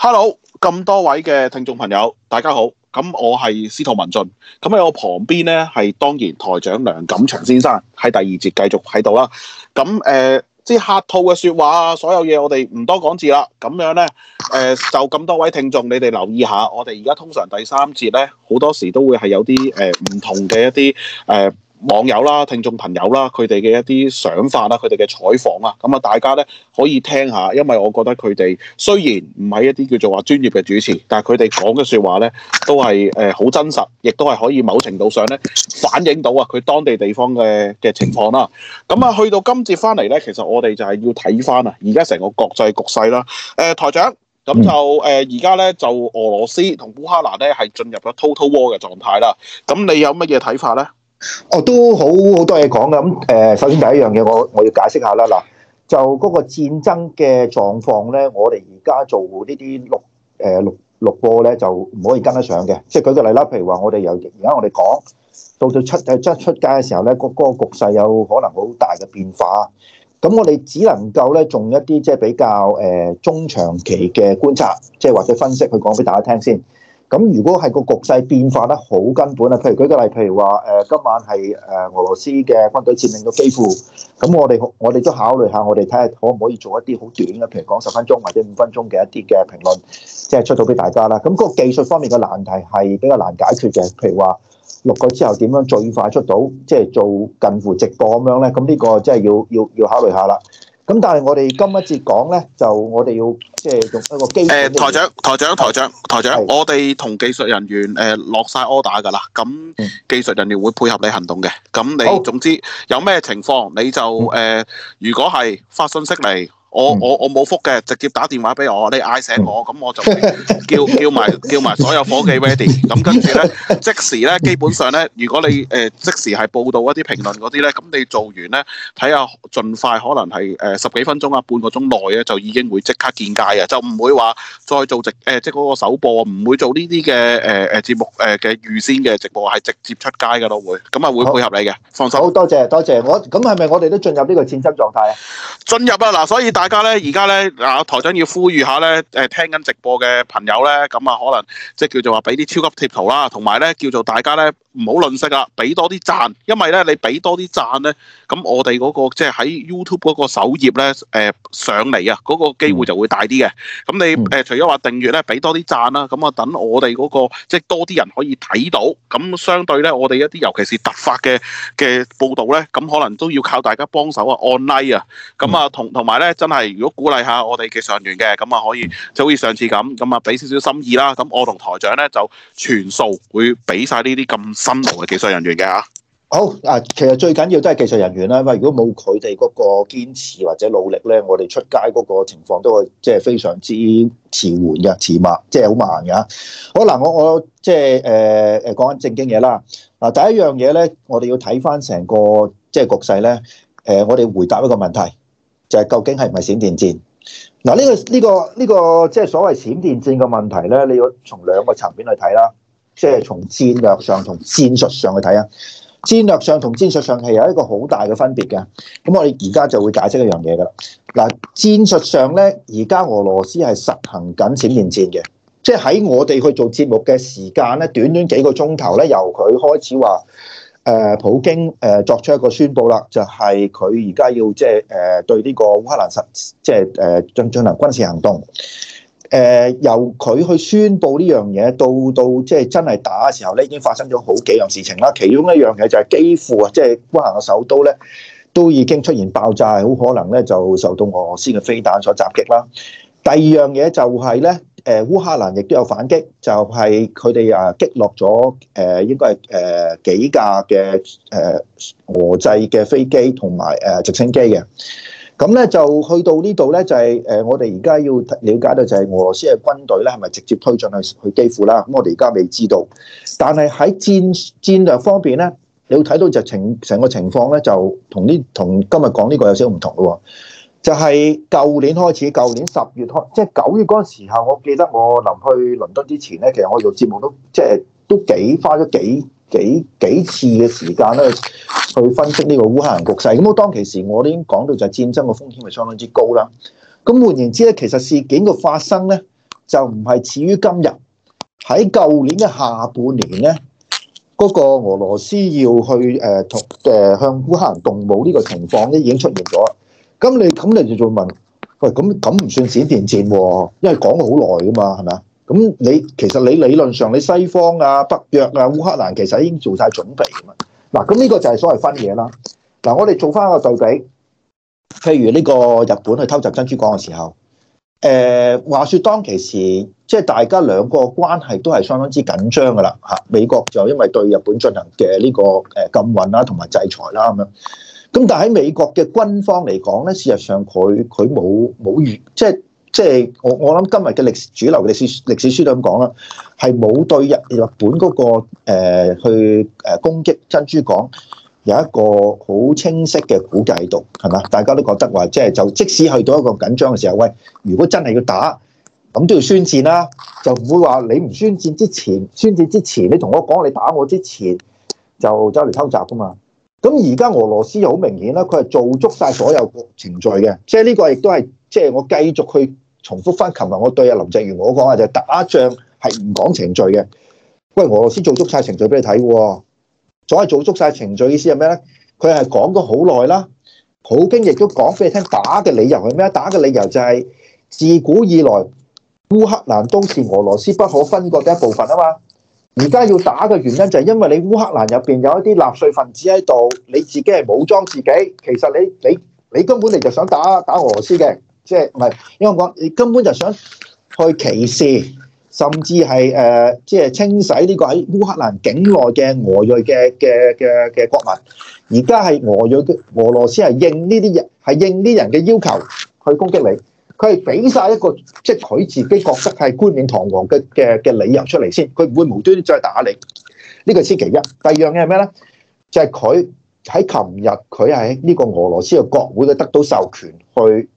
Hello，咁多位嘅聽眾朋友，大家好。咁我係司徒文進，咁喺我旁邊呢，係當然台長梁錦祥先生喺第二節繼續喺度啦。咁誒，即客套嘅說話啊，所有嘢我哋唔多講字啦。咁樣呢，誒、呃，就咁多位聽眾，你哋留意下，我哋而家通常第三節呢，好多時都會係有啲誒唔同嘅一啲誒。呃網友啦、聽眾朋友啦，佢哋嘅一啲想法啦、佢哋嘅採訪啊，咁啊，大家咧可以聽下，因為我覺得佢哋雖然唔係一啲叫做話專業嘅主持，但係佢哋講嘅説話咧都係誒好真實，亦都係可以某程度上咧反映到啊佢當地地方嘅嘅情況啦。咁啊，去到今節翻嚟咧，其實我哋就係要睇翻啊，而家成個國際局勢啦。誒、呃、台長，咁就誒而家咧就俄羅斯同烏克蘭咧係進入咗 total war 嘅狀態啦。咁你有乜嘢睇法咧？我、哦、都好好多嘢講噶，咁誒，首先第一樣嘢，我我要解釋下啦。嗱，就嗰個戰爭嘅狀況咧，我哋而家做呢啲六六六個呢啲錄誒錄錄播咧，就唔可以跟得上嘅。即係舉個例啦，譬如話我哋由而家我哋講到到出誒出出街嘅時候咧，個、嗰個局勢有可能好大嘅變化。咁我哋只能夠咧，做一啲即係比較誒、呃、中長期嘅觀察，即係或者分析去講俾大家聽先。咁如果係個局勢變化得好根本啊，譬如舉個例，譬如話今晚係誒俄羅斯嘅軍隊佔領咗基輔，咁我哋我哋都考慮下，我哋睇下可唔可以做一啲好短嘅，譬如講十分鐘或者五分鐘嘅一啲嘅評論，即係出到俾大家啦。咁嗰個技術方面嘅難題係比較難解決嘅，譬如話錄過之後點樣最快出到，即係做近乎直播咁樣咧，咁呢個即係要要要考慮下啦。咁但係我哋今一節講咧，就我哋要即係、就是、用一個基誒台長台長台長台長，台長啊、台長我哋同技術人員誒落晒 order 㗎啦。咁、呃、技術人員會配合你行動嘅。咁你總之有咩情況你就誒、呃，如果係發信息嚟。我我我冇復嘅，直接打電話俾我，你嗌醒我，咁、嗯、我就叫 叫埋叫埋所有伙計 ready，咁跟住咧即時咧基本上咧，如果你誒、呃、即時係報道一啲評論嗰啲咧，咁你做完咧睇下盡快可能係誒、呃、十幾分鐘啊半個鐘內咧就已經會即刻見街啊，就唔會話再做直誒、呃、即嗰個首播，唔會做呢啲嘅誒誒節目誒嘅預先嘅直播，係、呃呃、直接出街噶咯會，咁啊會配合你嘅，放心，好多謝多謝我，咁係咪我哋都進入呢個戰爭狀態啊？進入啊嗱、呃，所以。大家咧，而家咧，嗱台長要呼籲下咧，誒聽緊直播嘅朋友咧，咁啊可能即係、就是、叫做話俾啲超級貼圖啦，同埋咧叫做大家咧。唔好吝嗇啊，俾多啲贊，因為咧你俾多啲贊咧，咁我哋嗰、那個即係喺 YouTube 嗰個首頁咧、呃，上嚟啊嗰個機會就會大啲嘅。咁你、呃、除咗話訂閱咧，俾多啲贊啦，咁啊等我哋嗰、那個即係、就是、多啲人可以睇到，咁相對咧我哋一啲尤其是突發嘅嘅報道咧，咁可能都要靠大家幫手啊按 like 啊，咁啊同同埋咧真係如果鼓勵下我哋嘅上員嘅，咁啊可以就好似上次咁，咁啊俾少少心意啦。咁我同台長咧就全數會俾晒呢啲咁。心頭嘅技術人員嘅吓，好啊，其實最緊要都係技術人員啦。如果冇佢哋嗰個堅持或者努力咧，我哋出街嗰個情況都係即係非常之遲緩嘅，遲慢即係好慢嘅。好嗱，我我即係誒誒講緊正經嘢啦。嗱，第一樣嘢咧，我哋要睇返成個即係局勢咧。誒、呃，我哋回答一個問題，就係、是、究竟係唔係閃電戰？嗱、呃、呢、這個呢、這個呢、這個即係、就是、所謂閃電戰嘅問題咧，你要從兩個層面去睇啦。即係從戰略上、同戰術上去睇啊！戰略上同戰術上係有一個好大嘅分別嘅。咁我哋而家就會解釋一樣嘢㗎啦。嗱，戰術上咧，而家俄羅斯係實行緊閃電戰嘅，即係喺我哋去做節目嘅時間咧，短短幾個鐘頭咧，由佢開始話誒普京誒作出一個宣佈啦，就係佢而家要即係誒對呢個烏克蘭實即係誒進進行軍事行動。誒、呃、由佢去宣佈呢樣嘢，到到即係真係打嘅時候咧，已經發生咗好幾樣事情啦。其中一樣嘢就係幾乎啊，即係烏克蘭嘅首都咧，都已經出現爆炸，好可能咧就受到俄羅斯嘅飛彈所襲擊啦。第二樣嘢就係咧，誒、呃、烏克蘭亦都有反擊，就係佢哋啊擊落咗誒、呃、應該係誒、呃、幾架嘅誒、呃、俄製嘅飛機同埋誒直升機嘅。咁咧就去到呢度咧，就係我哋而家要了解到就係俄羅斯嘅軍隊咧，係咪直接推進去去基輔啦？咁我哋而家未知道，但係喺戰戰略方面咧，你睇到就情成個情況咧，就同呢同今日講呢個有少少唔同喎。就係舊年開始，舊年十月開，即係九月嗰陣時候，我記得我臨去倫敦之前咧，其實我做節目都即係都幾花咗幾。幾幾次嘅時間咧去分析呢個烏克蘭局勢，咁當當其時我已經講到就係戰爭嘅風險係相當之高啦。咁換言之咧，其實事件嘅發生咧就唔係始於今日，喺舊年嘅下半年咧，嗰個俄羅斯要去誒同誒向烏克蘭動武呢個情況咧已經出現咗。咁你咁你就做問？喂，咁咁唔算閃電戰喎，啊，因為講好耐噶嘛，係咪啊？咁你其實你理論上你西方啊、北約啊、烏克蘭其實已經做晒準備㗎嘛。嗱，咁呢個就係所謂的分嘢啦。嗱，我哋做翻個對比，譬如呢個日本去偷襲珍珠港嘅時候，誒、呃、話説當其時，即係大家兩個關係都係相當之緊張㗎啦。嚇，美國就因為對日本進行嘅呢個誒禁運啦同埋制裁啦咁樣。咁但係喺美國嘅軍方嚟講咧，事實上佢佢冇冇預即係。即係我我諗今日嘅歷史主流歷史歷史書都咁講啦，係冇對日日本嗰個誒去誒攻擊珍珠港有一個好清晰嘅估計喺度，係嘛？大家都覺得話即係就即使去到一個緊張嘅時候，喂，如果真係要打咁都要宣戰啦，就唔會話你唔宣戰之前，宣戰之前你同我講你打我之前就走嚟偷襲㗎嘛。咁而家俄羅斯好明顯啦，佢係做足晒所有程序嘅，即係呢個亦都係。即係我繼續去重複翻，琴日我對阿林鄭月娥講話就係打仗係唔講程序嘅。喂，俄羅斯做足晒程序俾你睇喎。所謂做足晒程序意思係咩咧？佢係講咗好耐啦。普京亦都講俾你聽，打嘅理由係咩？打嘅理由就係自古以來烏克蘭都是俄羅斯不可分割嘅一部分啊嘛。而家要打嘅原因就係因為你烏克蘭入邊有一啲納粹分子喺度，你自己係武裝自己，其實你你你根本你就想打打俄羅斯嘅。即係唔係，因為我根本就想去歧視，甚至係誒，即、呃、係、係、清洗呢個喺烏克蘭境內嘅俄裔嘅嘅嘅嘅國民。而家係俄裔嘅俄羅斯係應呢啲人係應呢啲人嘅要求去攻擊你，佢係俾晒一個即係佢自己覺得係冠冕堂皇嘅嘅嘅理由出嚟先，佢唔會無端再打你。呢、呢個先其一。第二樣嘢係咩咧？就係佢喺琴日佢喺呢個俄羅斯嘅國會嘅得到授權去。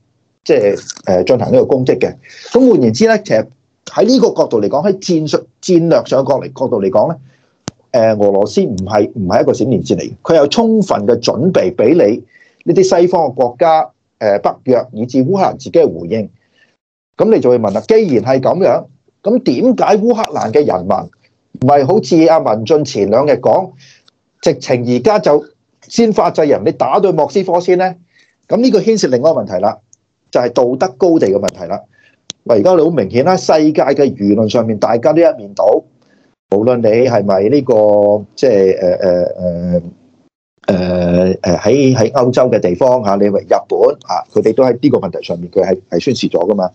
即係誒，進行呢個攻擊嘅。咁換言之咧，其實喺呢個角度嚟講，喺戰術戰略上角嚟角度嚟講咧，誒，俄羅斯唔係唔係一個閃電戰嚟，佢有充分嘅準備俾你呢啲西方嘅國家，誒，北約以至烏克蘭自己嘅回應。咁你就會問啦，既然係咁樣，咁點解烏克蘭嘅人民唔係好似阿文進前兩日講，直情而家就先發制人，你打到莫斯科先咧？咁呢個牽涉另外一個問題啦。就係、是、道德高地嘅問題啦。喂，而家你好明顯啦，世界嘅輿論上面，大家都一面倒，無論你係咪呢個即係誒誒誒誒喺喺歐洲嘅地方嚇，你話日本啊，佢哋都喺呢個問題上面，佢係係宣示咗㗎嘛。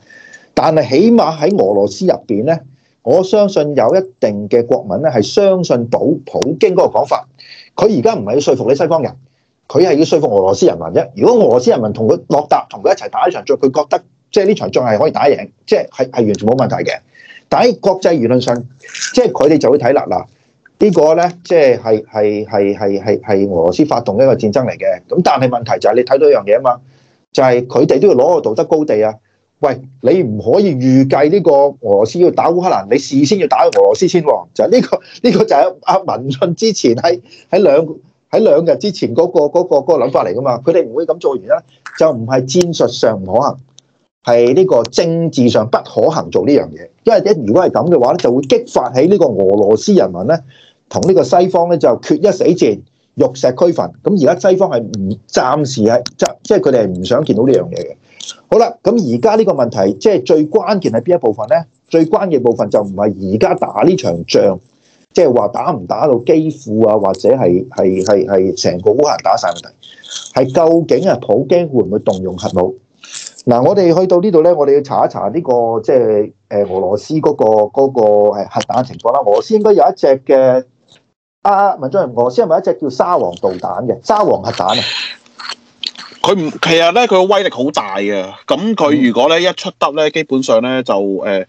但係起碼喺俄羅斯入邊咧，我相信有一定嘅國民咧，係相信保普京嗰個講法。佢而家唔係要說服你西方人。佢係要說服俄羅斯人民啫。如果俄羅斯人民同佢落搭，同佢一齊打一場仗，佢覺得即係呢場仗係可以打贏，即係係係完全冇問題嘅。但喺國際輿論上，即係佢哋就會睇啦。嗱、這個，呢個咧，即係係係係係係俄羅斯發動一個戰爭嚟嘅。咁但係問題就係你睇到一樣嘢啊嘛，就係佢哋都要攞個道德高地啊。喂，你唔可以預計呢個俄羅斯要打烏克蘭，你事先要打俄羅斯先喎。就係、是、呢、這個呢、這個就係阿文進之前喺喺兩，喺兩日之前嗰個嗰個嗰個諗法嚟噶嘛？佢哋唔會咁做完啦，就唔係戰術上唔可行，係呢個政治上不可行做呢樣嘢。因為一如果係咁嘅話咧，就會激發起呢個俄羅斯人民咧同呢個西方咧就決一死戰，玉石俱焚。咁而家西方係唔暫時係即係佢哋係唔想見到呢樣嘢嘅。好啦，咁而家呢個問題即係最關鍵係邊一部分咧？最關鍵部分就唔係而家打呢場仗。即係話打唔打到基庫啊，或者係係係係成個烏克蘭打晒佢哋，係究竟啊普京會唔會動用核武？嗱，我哋去到這裡呢度咧，我哋要查一查呢、這個即係誒俄羅斯嗰個嗰個誒核彈情況啦。俄羅斯，那個那個、斯應該有一隻嘅啊，文章，俄羅斯係咪一隻叫沙皇導彈嘅沙皇核彈啊？佢唔，其實咧，佢個威力好大嘅。咁佢如果咧、嗯、一出得咧，基本上咧就誒、呃，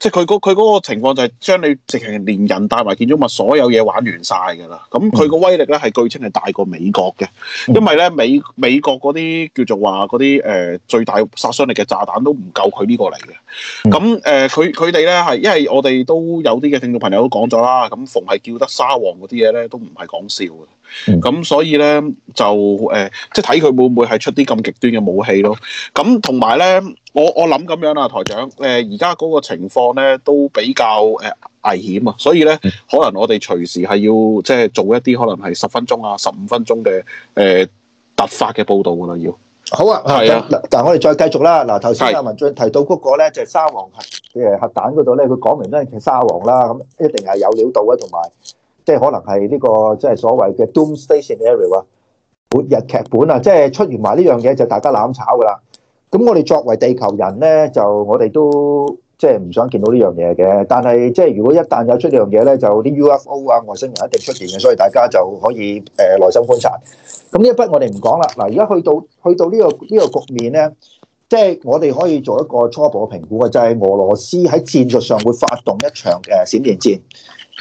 即係佢佢嗰個情況就係將你直情連人帶埋建築物所有嘢玩完晒㗎啦。咁佢個威力咧係據稱係大過美國嘅，因為咧美美國嗰啲叫做話嗰啲誒最大殺傷力嘅炸彈都唔夠佢呢個嚟嘅。咁誒，佢佢哋咧係因為我哋都有啲嘅聽眾朋友都講咗啦。咁逢係叫得沙皇嗰啲嘢咧，都唔係講笑嘅。咁、嗯、所以咧就誒、呃，即係睇佢會唔會係出啲咁極端嘅武器咯。咁同埋咧，我我諗咁樣啦、啊，台長誒，而家嗰個情況咧都比較誒、呃、危險啊，所以咧可能我哋隨時係要即係做一啲可能係十分鐘啊、十五分鐘嘅誒、呃、突發嘅報導噶、啊、啦，要好啊，係啊但，嗱，我哋再繼續啦。嗱，頭先阿文進提到嗰個咧就沙皇誒核彈嗰度咧，佢講明咧其實沙皇啦，咁一定係有料到啊，同埋。即係可能係呢、這個即係所謂嘅 doomsday scenario 啊，末日劇本啊，即係出現埋呢樣嘢就大家攬炒噶啦。咁我哋作為地球人咧，就我哋都即係唔想見到呢樣嘢嘅。但係即係如果一旦有出呢樣嘢咧，就啲 UFO 啊外星人一定出現嘅，所以大家就可以誒耐、呃、心觀察。咁呢一筆我哋唔講啦。嗱，而家去到去到呢、這個呢、這個局面咧，即係我哋可以做一個初步嘅評估啊，就係、是、俄羅斯喺戰術上會發動一場誒閃電戰。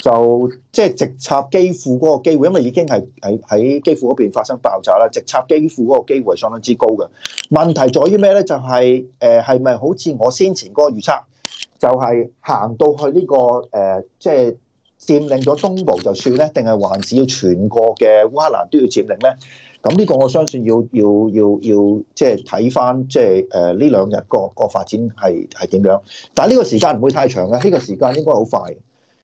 就即係直插基輔嗰個機會，因為已經係喺喺基輔嗰邊發生爆炸啦。直插基輔嗰個機會係相當之高嘅。問題在於咩咧？就係誒係咪好似我先前嗰個預測，就係行到去呢個即係佔領咗東部就算咧，定係還是要全國嘅烏克蘭都要佔領咧？咁呢個我相信要要要要即係睇返即係誒呢兩日個發展係係點樣？但係呢個時間唔會太長嘅，呢個時間應該好快。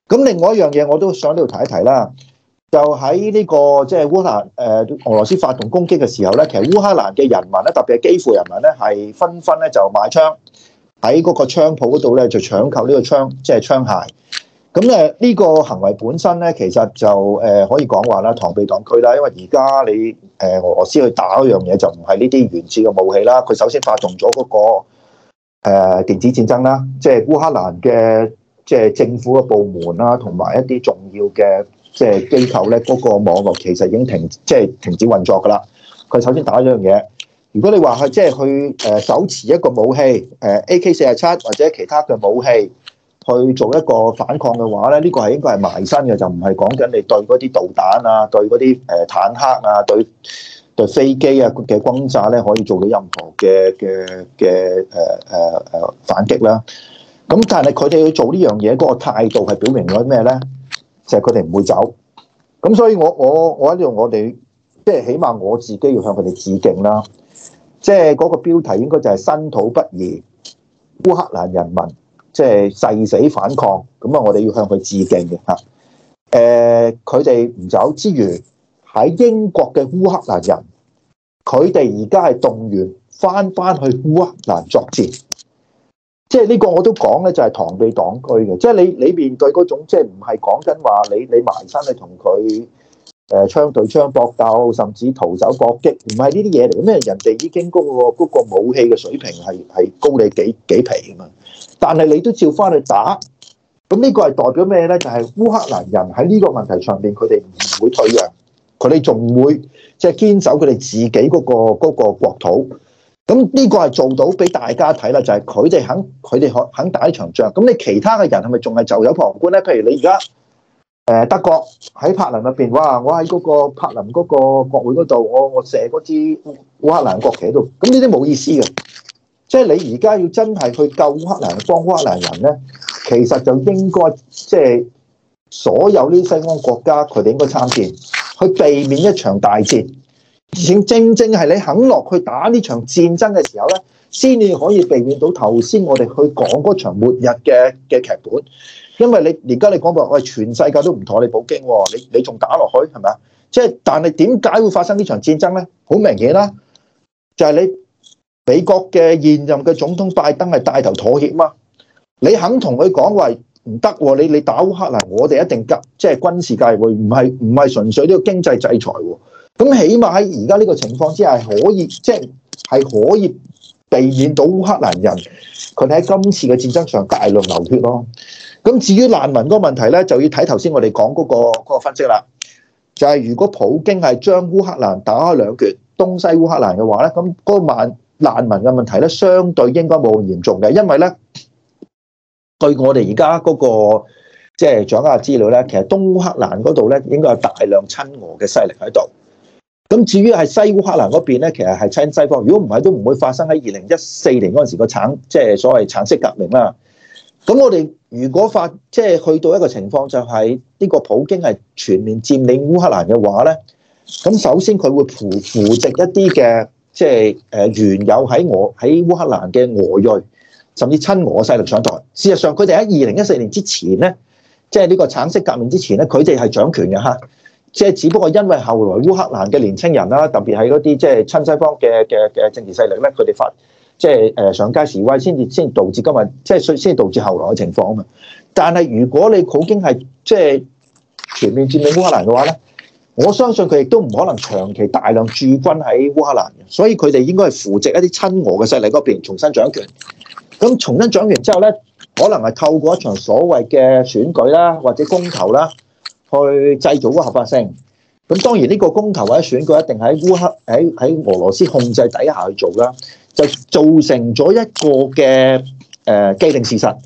咁另外一樣嘢，我都想呢度提一提啦。就喺呢個即係烏克蘭誒，俄羅斯發動攻擊嘅時候咧，其實烏克蘭嘅人民咧，特別係基輔人民咧，係紛紛咧就買槍喺嗰個槍鋪嗰度咧就搶購呢個槍，即係槍械。咁誒，呢個行為本身咧，其實就誒可以講話啦，螳臂擋車啦。因為而家你誒俄羅斯去打嗰樣嘢，就唔係呢啲原始嘅武器啦。佢首先發動咗嗰個誒電子戰爭啦，即係烏克蘭嘅。即係政府嘅部門啦，同埋一啲重要嘅即係機構咧，嗰個網絡其實已經停，即係停止運作噶啦。佢首先打一樣嘢。如果你話佢即係去誒手持一個武器誒 AK 四十七或者其他嘅武器去做一個反抗嘅話咧，呢個係應該係埋身嘅，就唔係講緊你對嗰啲導彈啊、對嗰啲誒坦克啊、對對飛機啊嘅轟炸咧，可以做到任何嘅嘅嘅誒誒誒反擊啦。咁但係佢哋去做呢樣嘢嗰個態度係表明咗咩咧？就係佢哋唔會走。咁所以我我我喺度，我哋即係起碼我自己要向佢哋致敬啦。即係嗰個標題應該就係、是、身土不二，烏克蘭人民即係誓死反抗。咁啊，我哋要向佢致敬嘅吓。誒、呃，佢哋唔走之餘，喺英國嘅烏克蘭人，佢哋而家係動員翻翻去烏克蘭作戰。即係呢個我都講咧，就係螳臂當車嘅。即係你你面對嗰種，即係唔係講緊話你你埋身去同佢誒槍對槍搏鬥，甚至徒手搏擊，唔係呢啲嘢嚟嘅咩？人哋已經嗰個嗰個武器嘅水平係係高你幾幾皮㗎嘛。但係你都照翻去打，咁呢個係代表咩咧？就係、是、烏克蘭人喺呢個問題上邊，佢哋唔會退讓，佢哋仲會即係堅守佢哋自己嗰、那個嗰、那個國土。咁呢個係做到俾大家睇啦，就係佢哋肯佢哋可肯打一場仗。咁你其他嘅人係咪仲係袖手旁觀咧？譬如你而家誒德國喺柏林入邊，哇！我喺嗰個柏林嗰個國會嗰度，我我射嗰支烏克蘭國旗喺度，咁呢啲冇意思嘅。即係你而家要真係去救烏克蘭幫烏克蘭人咧，其實就應該即係所有呢西方國家佢哋應該參戰，去避免一場大戰。正正係你肯落去打呢場戰爭嘅時候咧，先至可以避免到頭先我哋去講嗰場末日嘅嘅劇本。因為你而家你講話，喂、哎、全世界都唔妥你普京喎、哦，你你仲打落去係咪啊？即係、就是、但係點解會發生呢場戰爭咧？好明顯啦、啊，就係、是、你美國嘅現任嘅總統拜登係帶頭妥協嘛。你肯同佢講話唔得，你你打烏克蘭，我哋一定急，即、就、係、是、軍事介入，唔係唔係純粹呢個經濟制裁喎、哦。咁起碼喺而家呢個情況之下，可以即係係可以避免到烏克蘭人佢喺今次嘅戰爭上大量流血咯。咁至於難民嗰個問題咧，就要睇頭先我哋講嗰個個分析啦。就係如果普京係將烏克蘭打開兩極東西烏克蘭嘅話咧，咁嗰個萬難民嘅問題咧，相對應該冇咁嚴重嘅，因為咧，據我哋而家嗰個即係掌握嘅資料咧，其實東烏克蘭嗰度咧，應該有大量親俄嘅勢力喺度。咁至於係西烏克蘭嗰邊咧，其實係親西方。如果唔係，都唔會發生喺二零一四年嗰陣時個橙，即係所謂橙色革命啦。咁我哋如果發，即係去到一個情況，就係呢個普京係全面佔領烏克蘭嘅話咧，咁首先佢會扶扶植一啲嘅，即係誒原有喺我喺烏克蘭嘅俄裔，甚至親俄勢力上台。事實上，佢哋喺二零一四年之前咧，即係呢個橙色革命之前咧，佢哋係掌權嘅吓。即係只不過因為後來烏克蘭嘅年輕人啦，特別係嗰啲即係親西方嘅嘅嘅政治勢力咧，佢哋發即係誒上街示威，先至先導致今日，即係先先導致後來嘅情況啊嘛。但係如果你普京係即係全面佔領烏克蘭嘅話咧，我相信佢亦都唔可能長期大量駐軍喺烏克蘭，所以佢哋應該係扶植一啲親俄嘅勢力嗰邊重新掌權。咁重新掌權之後咧，可能係透過一場所謂嘅選舉啦，或者公投啦。去製造嗰合法性，咁當然呢個公投或者選舉一定喺烏克喺喺俄羅斯控制底下去做啦，就造成咗一個嘅誒、呃、既定事實。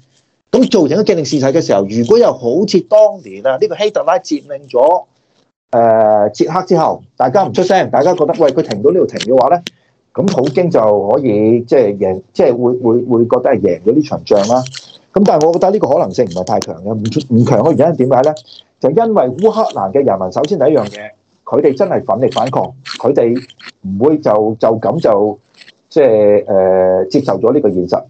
咁造成一個既定事實嘅時候，如果又好似當年啊，呢、呢個希特拉佔領咗誒捷克之後，大家唔出聲，大家覺得喂，佢停到這停的呢度停嘅話咧，咁普京就可以即係、就係、贏，即、就、係、係、會會會覺得係贏咗呢場仗啦。咁但係我覺得呢個可能性唔係太強嘅，唔唔強嘅原因點解咧？就因為烏克蘭嘅人民首先第一樣嘢，佢哋真係奮力反抗，佢哋唔會就就咁就即係、即係呃、接受咗呢個現實。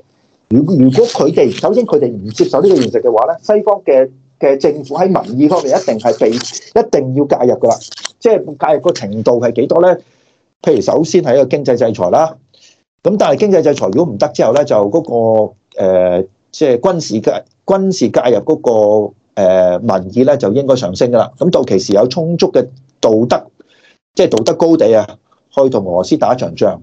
如如果佢哋首先佢哋唔接受呢個現實嘅話咧，西方嘅嘅政府喺民意方面一定係被一定要介入噶啦。即係介入個程度係幾多咧？譬如首先係一個經濟制裁啦。咁但係經濟制裁如果唔得之後咧、嗰個呃，就嗰個即係軍事介軍事介入嗰、嗰個。誒民意咧就應該上升噶啦，咁到期時有充足嘅道德，即係道德高地啊，可以同俄羅斯打一場仗。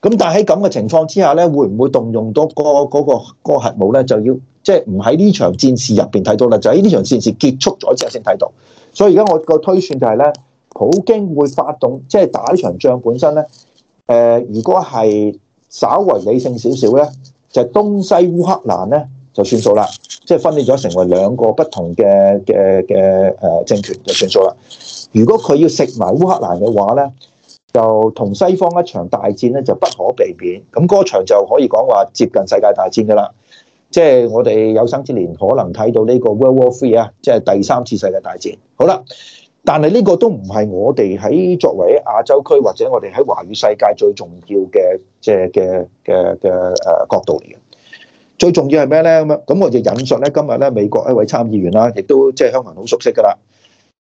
咁但係喺咁嘅情況之下咧，會唔會動用到嗰個嗰個嗰個核武咧？就要即係唔喺呢場戰事入面睇到啦，就喺呢場戰事結束咗之後先睇到。所以而家我個推算就係咧，普京會發動即係打呢場仗本身咧。誒、呃，如果係稍微理性少少咧，就係東西烏克蘭咧。就算數啦，即係分裂咗成為兩個不同嘅嘅嘅誒政權就算數啦。如果佢要食埋烏克蘭嘅話咧，就同西方一場大戰咧就不可避免。咁嗰場就可以講話接近世界大戰噶啦，即係我哋有生之年可能睇到呢個 World War Three 啊，即係第三次世界大戰。好啦，但係呢個都唔係我哋喺作為亞洲區或者我哋喺華語世界最重要嘅即係嘅嘅嘅誒角度嚟嘅。最重要係咩咧？咁樣咁我就引述咧，今日咧美國一位參議員啦，亦都即係香港人好熟悉噶啦，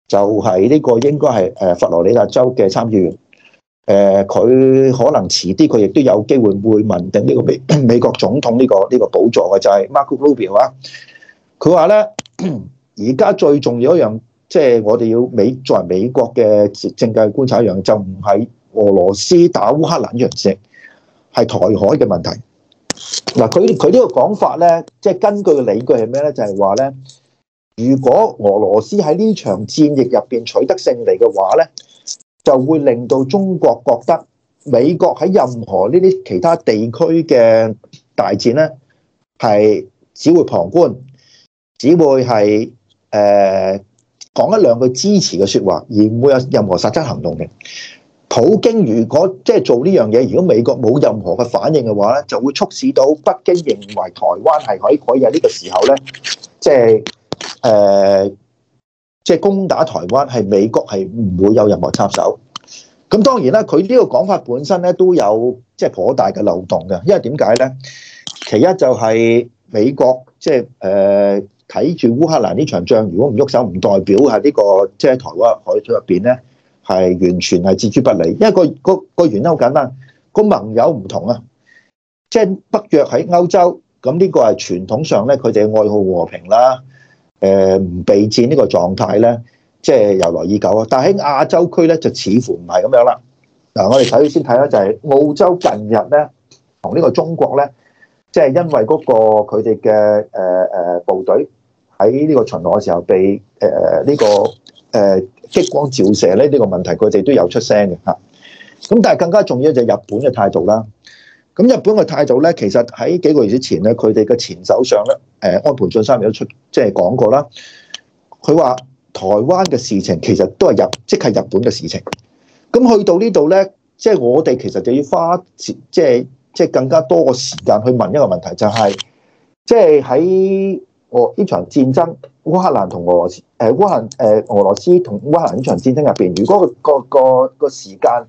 就係呢個應該係誒佛羅里達州嘅參議員。誒佢可能遲啲佢亦都有機會會問定呢個美美國總統呢個呢個補助嘅，就係 Marco Rubio 啊。佢話咧，而家最重要一樣，即係我哋要美作為美國嘅政政界觀察一樣，就唔係俄羅斯打烏克蘭，而是係台海嘅問題。嗱，佢佢呢個講法咧，即係根據嘅理據係咩咧？就係話咧，如果俄羅斯喺呢場戰役入邊取得勝利嘅話咧，就會令到中國覺得美國喺任何呢啲其他地區嘅大戰咧，係只會旁觀，只會係誒講一兩句支持嘅說話，而唔會有任何實質行動嘅。普京如果即係做呢樣嘢，如果美國冇任何嘅反應嘅話咧，就會促使到北京認為台灣係可以可以喺呢個時候咧，即係誒即係攻打台灣係美國係唔會有任何插手。咁當然啦，佢呢個講法本身咧都有即係頗大嘅漏洞嘅，因為點解咧？其一就係美國即係誒睇住烏克蘭呢場仗，如果唔喐手，唔代表係呢個、這個即係、就是、台灣海島入邊咧。係完全係置之不理，因為個個個原因好簡單，個盟友唔同啊，即係北約喺歐洲，咁呢個係傳統上咧，佢哋愛好和平啦，誒唔備戰呢個狀態咧，即係由來已久啊。但係喺亞洲區咧，就似乎唔係咁樣啦。嗱，我哋首先睇啦，就係澳洲近日咧，同呢個中國咧，即係因為嗰個佢哋嘅誒誒部隊喺呢個巡邏嘅時候被誒呢個誒。激光照射咧呢個問題，佢哋都有出聲嘅吓。咁但係更加重要就係日本嘅態度啦。咁日本嘅態度咧，其實喺幾個月之前咧，佢哋嘅前首相咧，安倍晉三亦都出即係講過啦。佢話台灣嘅事情其實都係日即係日本嘅事情。咁去到呢度咧，即係我哋其實就要花即係即係更加多個時間去問一個問題，就係即係喺我呢場戰爭。烏克蘭同俄羅斯，誒烏克蘭誒俄羅斯同烏克蘭呢場戰爭入邊，如果個個個個時間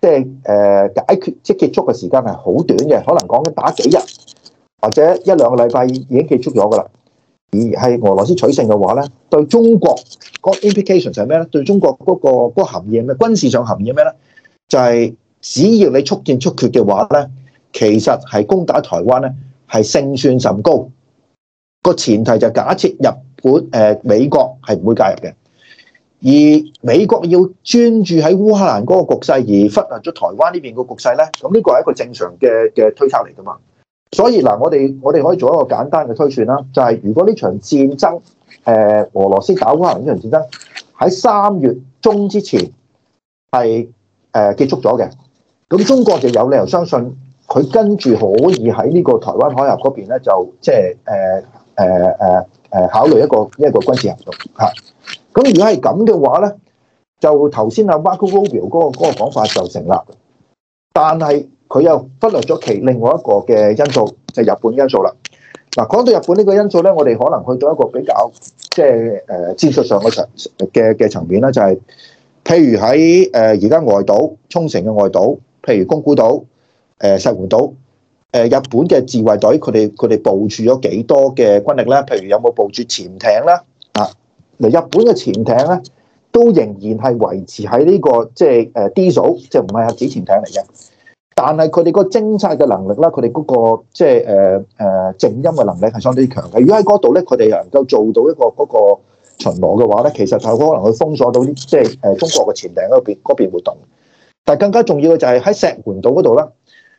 即係誒解決即係結束嘅時間係好短嘅，可能講緊打幾日或者一兩個禮拜已經結束咗噶啦。而係俄羅斯取勝嘅話咧，對中國個 implications 係咩咧？對中國嗰、嗰個嗰個含義咩？軍事上含義咩咧？就係、是、只要你速戰速決嘅話咧，其實係攻打台灣咧係勝算甚高。個前提就假設入。管誒美國係唔會介入嘅，而美國要專注喺烏克蘭嗰個局勢，而忽略咗台灣呢邊個局勢咧。咁呢個係一個正常嘅嘅推測嚟㗎嘛。所以嗱，我哋我哋可以做一個簡單嘅推算啦，就係如果呢場戰爭誒，俄羅斯打烏克蘭呢場戰爭喺三月中之前係誒結束咗嘅，咁中國就有理由相信佢跟住可以喺呢個台灣海峽嗰邊咧、就是，就即係誒誒誒。呃誒考慮一個一個軍事行動嚇，咁如果係咁嘅話咧，就頭先阿 Marco Rubio 嗰個嗰個講法就成立，但係佢又忽略咗其另外一個嘅因素就係日本因素啦。嗱，講到日本呢個因素咧，我哋可能去到一個比較即係誒戰術上嘅層嘅嘅層面咧，就係譬如喺誒而家外島沖繩嘅外島，譬如宮古島、誒石垣島。誒日本嘅自衛隊，佢哋佢哋部署咗幾多嘅軍力咧？譬如有冇部署潛艇咧？啊，嚟日本嘅潛艇咧，都仍然係維持喺呢個即係誒 D 數，即係唔係核子潛艇嚟嘅。但係佢哋嗰個偵察嘅能力啦，佢哋嗰個即係誒誒靜音嘅能力係相當之強嘅。如果喺嗰度咧，佢哋能夠做到一個嗰個巡邏嘅話咧，其實就可能會封鎖到啲即係誒中國嘅潛艇嗰邊嗰邊活動。但係更加重要嘅就係喺石門島嗰度啦。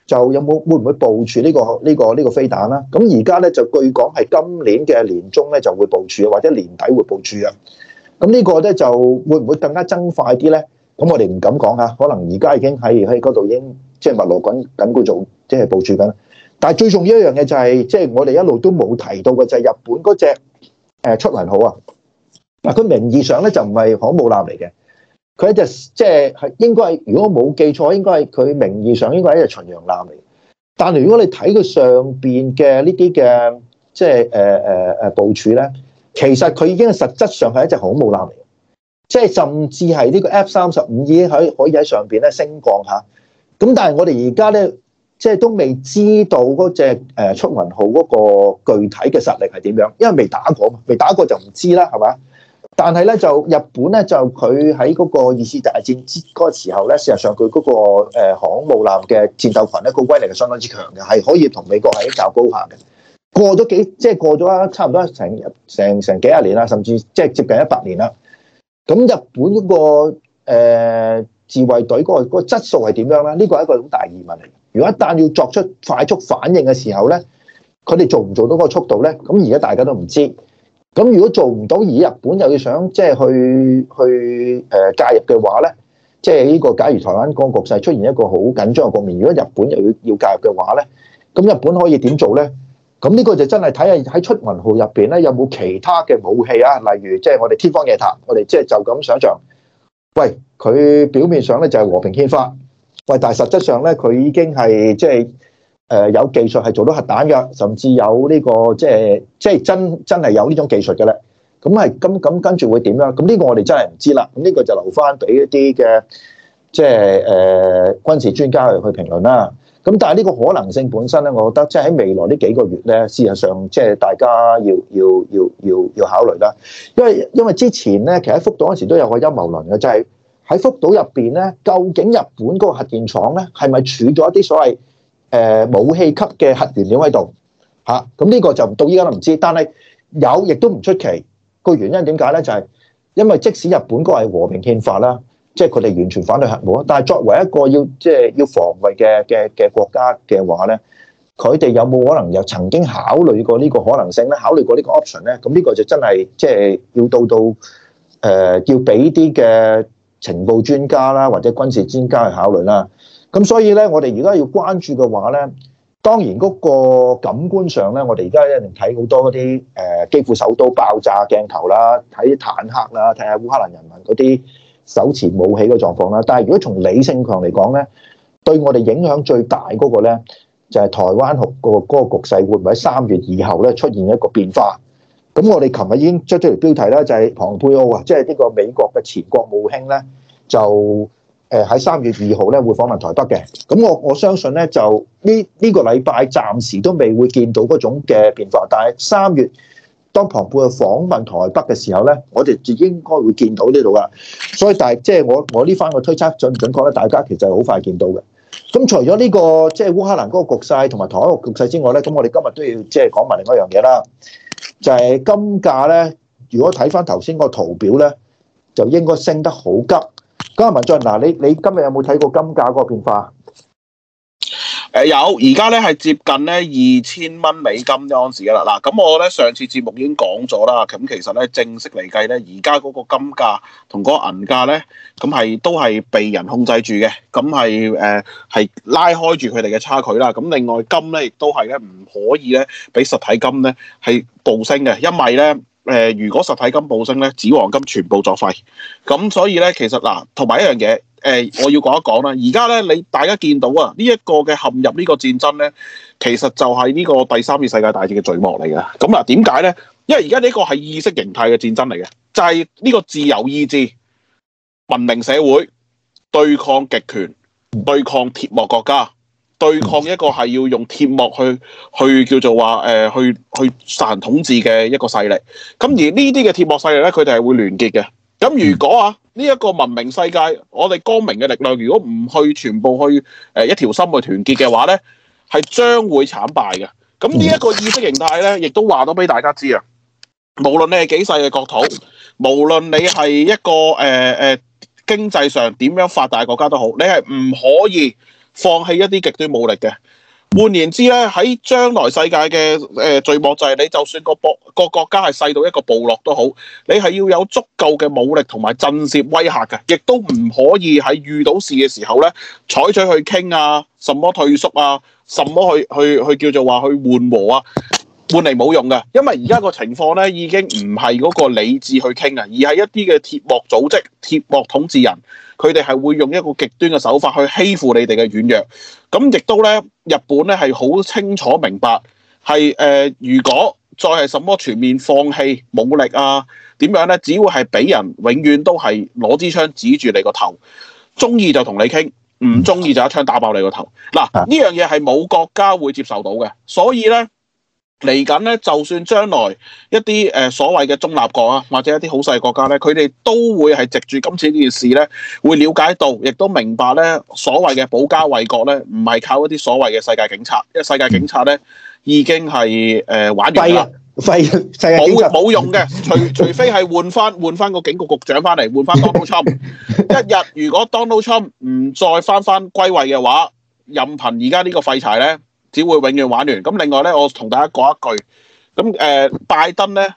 就有冇會唔會部署呢個呢個呢個飛彈啦？咁而家咧就據講係今年嘅年中咧就會部署，或者年底會部署啊。咁呢個咧就會唔會更加增快啲咧？咁我哋唔敢講吓，可能而家已經喺喺嗰度已經即係物流緊緊固做，即係部署緊。但係最重要一樣嘢就係，即係我哋一路都冇提到嘅就係日本嗰隻誒出雲號啊！嗱，佢名義上咧就唔係航母艦嚟嘅。佢一隻即係係應該係，如果冇記錯，應該係佢名義上應該係一隻巡洋艦嚟。但係如果你睇佢上邊嘅呢啲嘅即係誒誒誒部署咧，其實佢已經實質上係一隻航母艦嚟。即係甚至係呢個 F 三十五已經喺可以喺上邊咧升降下。咁但係我哋而家咧即係都未知道嗰隻誒出雲號嗰個具體嘅實力係點樣，因為未打過嘛，未打過就唔知啦，係嘛？但係咧，就日本咧，就佢喺嗰個二次大戰嗰個時候咧，事實上佢嗰個航空母艦嘅戰鬥群咧，個威力係相當之強嘅，係可以同美國係一較高下嘅。過咗幾即係、即係、過咗啊，差唔多成成成，成幾十年啦，甚至即係接近一百年啦。咁日本嗰、嗰個、呃、自衛隊嗰、嗰個嗰、嗰個、質素係點樣咧？呢、呢個係一個好大疑問嚟嘅。如果一旦要作出快速反應嘅時候咧，佢哋做唔做到嗰個速度咧？咁而家大家都唔知。咁如果做唔到，以日本又要想即係去去誒介入嘅話呢，咧、就是這個，即係呢個假如台灣個局勢出現一個好緊張嘅局面，如果日本又要要介入嘅話呢，咧，咁日本可以點做咧？咁呢個就真係睇下喺出雲號入邊咧有冇其他嘅武器啊？例如即係我哋天方夜譚，我哋即係就咁想象，喂，佢表面上咧就係和平憲法，喂，但係實質上咧佢已經係即係。就是誒，有技術係做到核彈嘅，甚至有呢個即係即係真真係有呢種技術嘅咧。咁係咁咁跟住會點咧？咁呢個我哋真係唔知啦。咁呢個就留翻俾一啲嘅即係誒軍事專家去去評論啦。咁但係呢個可能性本身咧，我覺得即係喺未來呢幾個月咧，事實上即係大家要要要要要考慮啦。因為因為之前咧，其實福島嗰時都有個陰謀論嘅，就係喺福島入邊咧，究竟日本嗰個核電廠咧係咪儲咗一啲所謂？誒，武器級嘅核原料喺度嚇，咁呢個就到依家都唔知，但係有亦都唔出奇。個原因點解咧？就係因為即使日本個係和平憲法啦，即係佢哋完全反對核武，但係作為一個要即係要防衞嘅嘅嘅國家嘅話咧，佢哋有冇可能又曾經考慮過呢個可能性咧？考慮過呢個 option 咧？咁呢個就真係即係要到到誒，要俾啲嘅情報專家啦，或者軍事專家去考慮啦。咁所以咧，我哋而家要關注嘅話咧，當然嗰個感官上咧，我哋而家一定睇好多嗰啲誒，幾乎首都爆炸鏡頭啦，睇坦克啦，睇下烏克蘭人民嗰啲手持武器嘅狀況啦。但係如果從理性上嚟講咧，對我哋影響最大嗰個咧，就係台灣同嗰個局勢會唔會喺三月以後咧出現一個變化？咁我哋琴日已經出咗條標題啦，就係蓬佩奧啊，即係呢個美國嘅前國務卿咧就。誒喺三月二號咧會訪問台北嘅，咁我我相信咧就呢呢個禮拜暫時都未會見到嗰種嘅變化，但係三月當蓬佩奧去訪問台北嘅時候咧，我哋就應該會見到呢度噶，所以但係即係我我呢番嘅推測準唔準確咧？大家其實係好快見到嘅。咁除咗呢個即係烏克蘭嗰個局勢同埋台灣個局勢之外咧，咁我哋今日都要即係講埋另外一樣嘢啦，就係金價咧。如果睇翻頭先個圖表咧，就應該升得好急。今日文進，嗱你你今日有冇睇過金價嗰個變化？誒，有，而家咧係接近咧二千蚊美金盎司噶啦。嗱，咁我咧上次節目已經講咗啦。咁其實咧正式嚟計咧，而家嗰個金價同嗰個銀價咧，咁係都係被人控制住嘅。咁係誒，係拉開住佢哋嘅差距啦。咁另外金咧，亦都係咧唔可以咧，俾實體金咧係暴升嘅，因為咧。誒、呃，如果實體金暴升咧，紙黃金全部作廢。咁所以咧，其實嗱，同、啊、埋一樣嘢、呃，我要講一講啦。而家咧，你大家見到啊，呢、這、一個嘅陷入呢個戰爭咧，其實就係呢個第三次世界大戰嘅序幕嚟㗎。咁嗱，點解咧？因為而家呢個係意識形態嘅戰爭嚟嘅，就係、是、呢個自由意志文明社會對抗極權，對抗鐵幕國家。對抗一個係要用鐵幕去去叫做話誒、呃、去去實行統治嘅一個勢力，咁而這些的鐵呢啲嘅鐵幕勢力咧，佢哋係會聯結嘅。咁如果啊呢一、這個文明世界，我哋光明嘅力量，如果唔去全部去誒、呃、一條心去團結嘅話咧，係將會慘敗嘅。咁呢一個意識形態咧，亦都話到俾大家知啊。無論你係幾細嘅國土，無論你係一個誒誒、呃、經濟上點樣發達嘅國家都好，你係唔可以。放棄一啲極端武力嘅，換言之咧，喺將來世界嘅、呃、序幕就係，你就算個國,個國家係細到一個部落都好，你係要有足夠嘅武力同埋震懾威嚇嘅，亦都唔可以喺遇到事嘅時候咧採取去傾啊，什麼退縮啊，什麼去去去叫做話去緩和啊。換嚟冇用㗎，因為而家個情況咧已經唔係嗰個理智去傾啊，而係一啲嘅鐵幕組織、鐵幕統治人，佢哋係會用一個極端嘅手法去欺負你哋嘅軟弱。咁亦都咧，日本咧係好清楚明白，係誒、呃，如果再係什麼全面放棄武力啊，點樣咧，只會係俾人永遠都係攞支槍指住你個頭，中意就同你傾，唔中意就一槍打爆你個頭。嗱，呢樣嘢係冇國家會接受到嘅，所以咧。嚟緊咧，就算將來一啲誒、呃、所謂嘅中立國啊，或者一啲好細國家咧，佢哋都會係藉住今次呢件事咧，會了解到，亦都明白咧，所謂嘅保家衛國咧，唔係靠一啲所謂嘅世界警察，因為世界警察咧已經係誒、呃、玩完啦，廢世界警察冇冇用嘅，除除非係換翻換翻個警局局長翻嚟，換翻 Donald Trump， 一日如果 Donald Trump 唔再翻翻歸位嘅話，任憑而家呢個廢柴咧。只會永遠玩完。咁另外咧，我同大家講一句。咁誒，拜登咧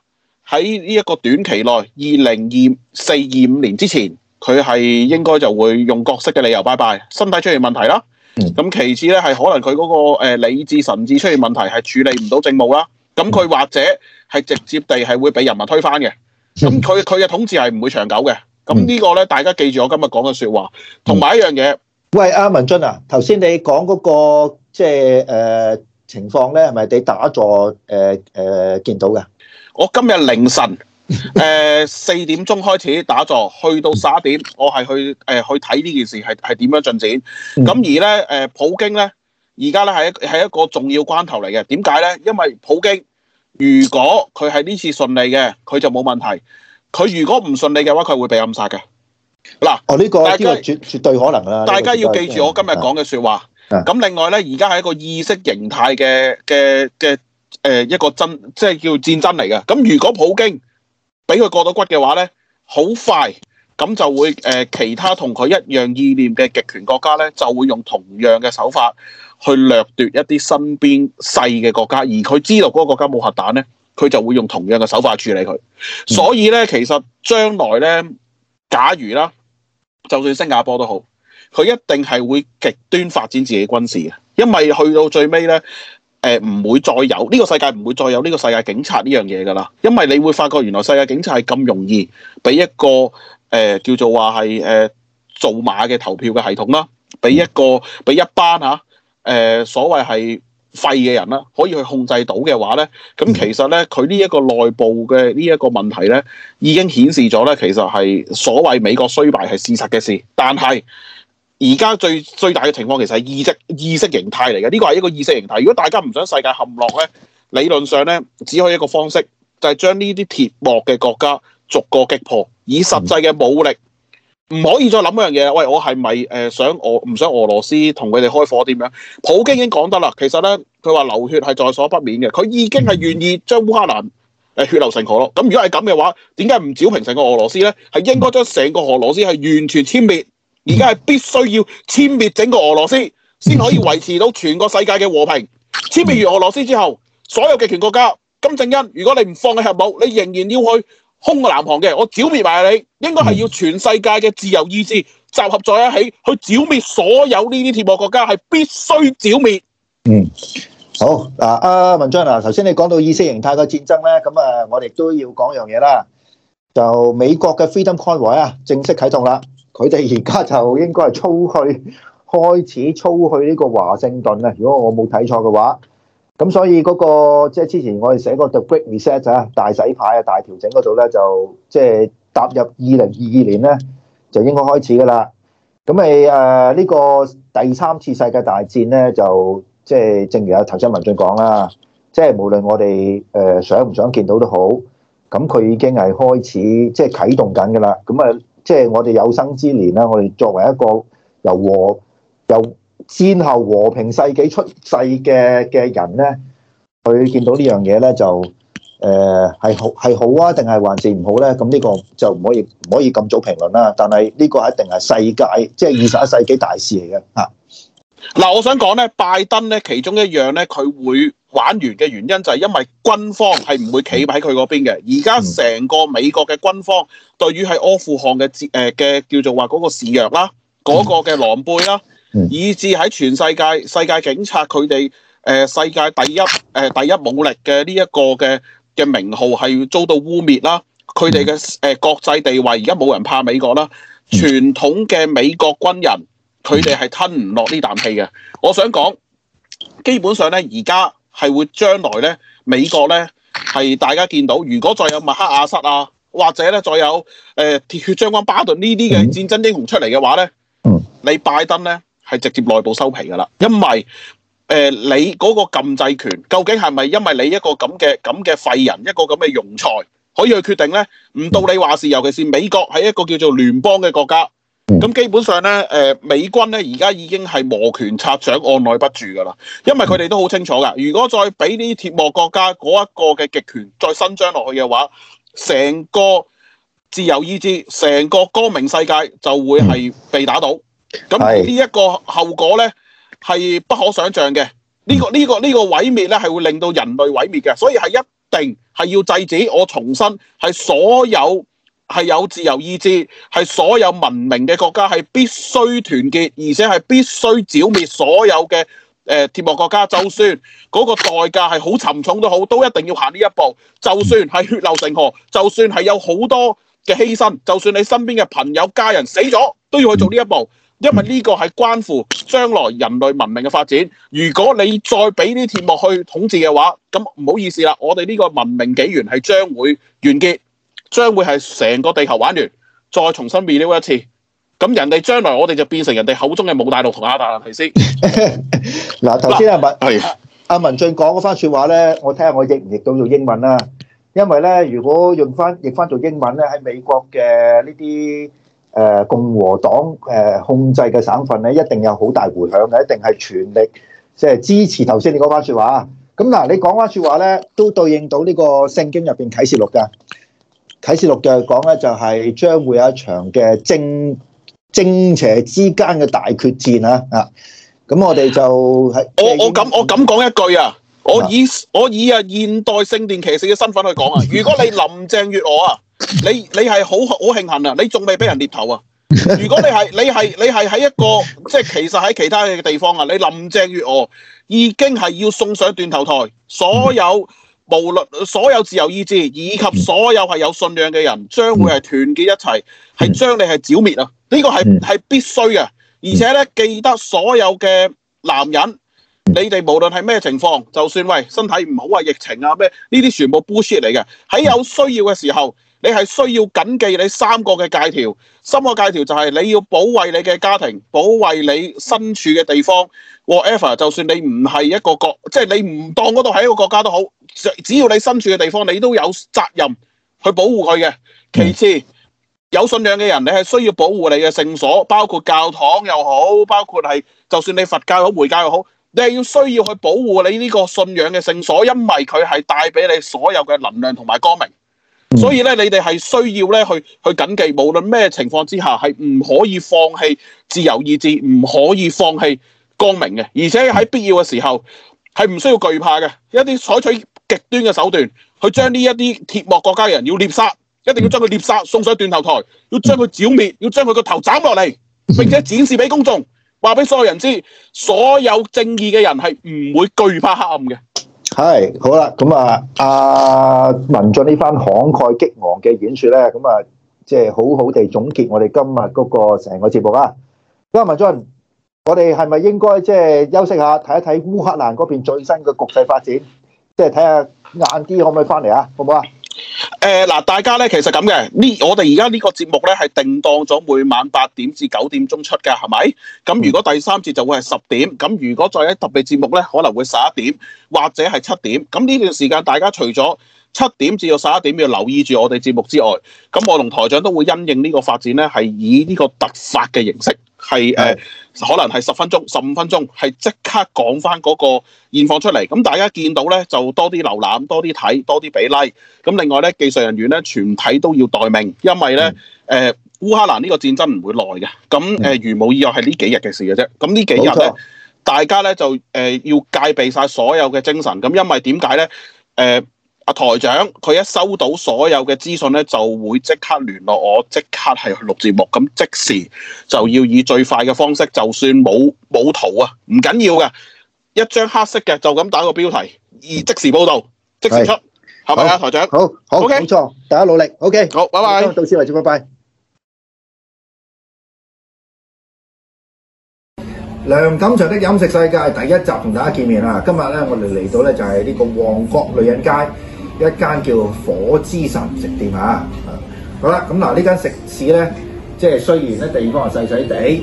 喺呢一個短期內，二零二四二五年之前，佢係應該就會用角色嘅理由拜拜，身體出現問題啦。咁其次咧，係可能佢嗰個誒理智神志出現問題，係處理唔到政務啦。咁佢或者係直接地係會畀人民推翻嘅。咁佢佢嘅統治係唔會長久嘅。咁呢個咧，大家記住我今日講嘅説話。同埋一樣嘢，喂阿文進啊，頭先你講嗰個。即係誒、呃、情況咧，係咪你打坐誒誒、呃呃、見到嘅？我今日凌晨誒四、 呃、點鐘開始打坐，去到十一點，我係去誒、呃、去睇呢件事係係點樣進展。咁而咧誒、呃、普京咧，而家咧係一係一個重要關頭嚟嘅。點解咧？因為普京如果佢係呢次順利嘅，佢就冇問題；佢如果唔順利嘅話，佢會被暗殺嘅。嗱，哦呢、呢個呢個絕絕對可能啦！大家要記住我今日講嘅說話。啊咁另外咧，而家係一個意識形態嘅嘅嘅，誒、呃，一個真即係叫戰爭嚟嘅。咁如果普京俾佢過到骨嘅話咧，好快咁就會誒、呃，其他同佢一樣意念嘅極權國家咧，就會用同樣嘅手法去掠奪一啲身邊細嘅國家。而佢知道嗰個國家冇核彈咧，佢就會用同樣嘅手法處理佢。所以咧，其實將來咧，假如啦，就算新加坡都好。佢一定係會極端發展自己軍事嘅，因為去到最尾呢，誒、呃、唔會再有呢、呢個，世界唔會再有呢個世界警察呢樣嘢噶啦，因為你會發覺原來世界警察係咁容易俾一個誒、呃、叫做話係誒做馬嘅投票嘅系統啦，俾一個俾一班吓誒所謂係廢嘅人啦，可以去控制到嘅話呢。咁其實呢，佢呢一個內部嘅呢一個問題呢，已經顯示咗呢，其實係所謂美國衰敗係事實嘅事，但係。而家最最大嘅情況其實係意識意識形態嚟嘅，呢個係一個意識形態。如果大家唔想世界陷落咧，理論上咧只可以一個方式，就係將呢啲鐵幕嘅國家逐個擊破，以實際嘅武力。唔可以再諗一樣嘢，喂，我係咪誒想俄唔想俄羅斯同佢哋開火點樣？普京已經講得啦，其實咧佢話流血係在所不免嘅，佢已經係願意將烏克蘭誒血流成河咯。咁如果係咁嘅話，點解唔剿平成個俄羅斯咧？係應該將成個俄羅斯係完全殲滅。而家係必須要殲滅整個俄羅斯，先可以維持到全個世界嘅和平。殲滅完俄羅斯之後，所有極權國家，金正恩，如果你唔放棄核武，你仍然要去空個南韓嘅，我剿滅埋你。應該係要全世界嘅自由意志集合在一起，去剿滅所有呢啲鐵幕國家，係必須剿滅。嗯，好嗱，阿、啊、文進嗱、啊，頭先你講到意識形態嘅戰爭咧，咁啊，我哋都要講樣嘢啦，就美國嘅 Freedom Convoy 啊，正式啟動啦。佢哋而家就應該係操去開始操去呢個華盛頓啊！如果我冇睇錯嘅話，咁所以嗰、那個即係之前我哋寫嗰個 The Great Reset 啊，大洗牌啊，大調整嗰度咧，就即係、就是、踏入二零二二年咧，就應該開始噶啦。咁咪誒呢個第三次世界大戰咧，就即係、就是、正如阿頭先文進講啦，即、就、係、是、無論我哋誒想唔想見到都好，咁佢已經係開始即係、就是、啟動緊噶啦。咁啊～即、就、係、是、我哋有生之年啦，我哋作為一個由和由戰後和平世紀出世嘅嘅人咧，去見到呢樣嘢咧就誒係、呃、好係好啊，定係還是唔好咧？咁呢個就唔可以唔可以咁早評論啦。但係呢個一定係世界即係、就是、二十一世紀大事嚟嘅嚇。嗱，我想講咧，拜登咧其中一樣咧，佢會。玩完嘅原因就係因為軍方係唔會企喺佢嗰邊嘅，而家成個美國嘅軍方對於係阿富汗嘅誒嘅叫做話嗰個示弱啦，嗰、那個嘅狼狽啦，以致喺全世界世界警察佢哋誒世界第一誒、呃、第一武力嘅呢一個嘅嘅名號係遭到污蔑啦，佢哋嘅誒國際地位而家冇人怕美國啦，傳統嘅美國軍人佢哋係吞唔落呢啖氣嘅。我想講基本上咧而家。係會將來咧，美國咧係大家見到，如果再有麥克阿瑟啊，或者咧再有誒鐵、呃、血將軍巴頓呢啲嘅戰爭英雄出嚟嘅話咧、嗯，你拜登咧係直接內部收皮㗎喇，因為、呃、你嗰個禁制權究竟係咪因為你一個咁嘅咁嘅廢人一個咁嘅庸才可以去決定咧？唔到你話事，尤其是美國係一個叫做聯邦嘅國家。咁基本上咧，誒，美軍咧而家已經係摩拳擦掌，按捺不住噶啦，因為佢哋都好清楚噶，如果再俾呢啲鐵幕國家嗰一個嘅極權再伸張落去嘅話，成個自由意志、成個光明世界就會係被打倒。咁呢一個後果咧係不可想象嘅，這個這個這個，滅呢個呢個呢個毀滅咧係會令到人類毀滅嘅，所以係一定係要制止我重新係所有。係有自由意志，係所有文明嘅國家係必須團結，而且係必須剿滅所有嘅誒鐵幕國家。就算嗰個代價係好沉重都好，都一定要行呢一步。就算係血流成河，就算係有好多嘅犧牲，就算你身邊嘅朋友家人死咗，都要去做呢一步，因為呢個係關乎將來人類文明嘅發展。如果你再俾啲鐵幕去統治嘅話，咁唔好意思啦，我哋呢個文明紀元係將會完結。將會係成個地球玩完，再重新變 new 一次。咁人哋將來我哋就變成人哋口中嘅姆大陸同亞特蘭提斯。嗱，頭先阿文阿文俊講嗰番説話咧，我睇下我譯唔譯到做英文啦。因為咧，如果用翻譯翻做英文咧，喺美國嘅呢啲誒共和黨誒控制嘅省份咧，一定有好大迴響嘅，一定係全力即係支持頭先你講番説話。咁嗱，你講番説話咧，都對應到呢個聖經入邊啟示錄㗎。睇視錄嘅講咧，就係將會有一場嘅正正邪之間嘅大決戰啊！啊，咁我哋就，我我咁我咁講一句啊！我以我以啊現代聖殿騎士嘅身份去講啊！如果你林鄭月娥啊，你你係好好慶幸啊！你仲未俾人斃頭啊！如果你係你係你係喺一個即係其實喺其他嘅地方啊，你林鄭月娥已經係要送上斷頭台，所有。無論所有自由意志，以及所有係有信仰嘅人，將會係團結一齊，係將你係剿滅啊！呢個係係必須嘅，而且咧，記得所有嘅男人，你哋無論係咩情況，就算喂身體唔好啊，疫情啊咩呢啲全部 boost 嚟嘅，喺有需要嘅時候。你係需要謹記你三個嘅戒條，三個戒條就係你要保衞你嘅家庭，保衞你身處嘅地方，whatever，就算你唔係一個國，即係你唔當嗰度係一個國家都好，只要你身處嘅地方，你都有責任去保護佢嘅。其次，有信仰嘅人，你係需要保護你嘅聖所，包括教堂又好，包括係就算你佛教又好、回教又好，你係要需要去保護你呢個信仰嘅聖所，因為佢係帶俾你所有嘅能量同埋光明。所以咧，你哋係需要咧去去謹記，無論咩情況之下，係唔可以放棄自由意志，唔可以放棄光明嘅。而且喺必要嘅時候，係唔需要懼怕嘅。一啲採取極端嘅手段，去將呢一啲鐵幕國家嘅人要獵殺，一定要將佢獵殺，送上斷頭台，要將佢剿滅，要將佢個頭斬落嚟，並且展示俾公眾，話俾所有人知，所有正義嘅人係唔會懼怕黑暗嘅。係好啦，咁啊，阿文進呢番慷慨激昂嘅演說咧，咁啊，即係好好地總結我哋今日嗰個成個節目啦。咁啊，文進，我哋係咪應該即係休息下，睇一睇烏克蘭嗰邊最新嘅局勢發展，即係睇下晏啲可唔可以翻嚟啊？好唔好啊？嗱、呃，大家咧其實咁嘅，我呢我哋而家呢個節目咧係定檔咗每晚八點至九點鐘出嘅，係咪？咁如果第三節就會係十點，咁如果再喺特別節目咧，可能會十一點或者係七點。咁呢段時間大家除咗七點至到十一點要留意住我哋節目之外，咁我同台長都會因應呢個發展呢，係以呢個突發嘅形式，係誒、呃、可能係十分鐘、十五分鐘，係即刻講翻嗰個現況出嚟。咁大家見到呢就多啲瀏覽、多啲睇、多啲俾 like。咁另外呢，技術人員呢，全體都要待命，因為呢，誒、嗯呃、烏克蘭呢個戰爭唔會耐嘅，咁誒、呃、如無意外係呢幾日嘅事嘅啫。咁呢幾日呢，大家呢就誒、呃、要戒備晒所有嘅精神，咁因為點解呢？誒、呃阿台長，佢一收到所有嘅資訊咧，就會即刻聯絡我，即刻係錄節目，咁即時就要以最快嘅方式，就算冇冇圖啊，唔緊要嘅，一張黑色嘅就咁打個標題，而即時報導，即時出，係咪啊？台長，好，好，冇錯，大家努力，OK，好，拜拜，到此為止，拜拜。梁錦祥的飲食世界第一集同大家見面啦，今日咧我哋嚟到咧就係呢個旺角女人街。一間叫火之神食店啊。好啦，咁嗱呢間食肆咧，即係雖然咧地方係細細地，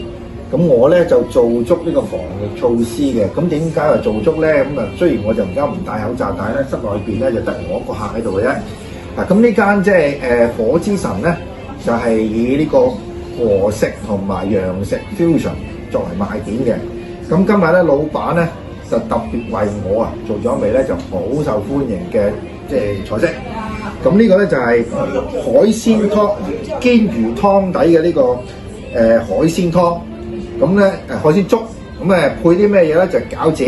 咁我咧就做足呢個防疫措施嘅。咁點解話做足咧？咁啊，雖然我就而家唔戴口罩，但係咧室內邊咧就得我一個客喺度嘅啫。嗱，咁呢間即係誒火之神咧，就係以呢個和食同埋洋食 fusion 作為賣點嘅。咁今日咧，老闆咧就特別為我啊做咗一味咧就好受歡迎嘅。即係菜式，咁、這個呃、呢個咧就係海鮮湯，鰻魚湯底嘅呢個誒海鮮湯，咁咧誒海鮮粥，咁誒配啲咩嘢咧？就係、是、餃子，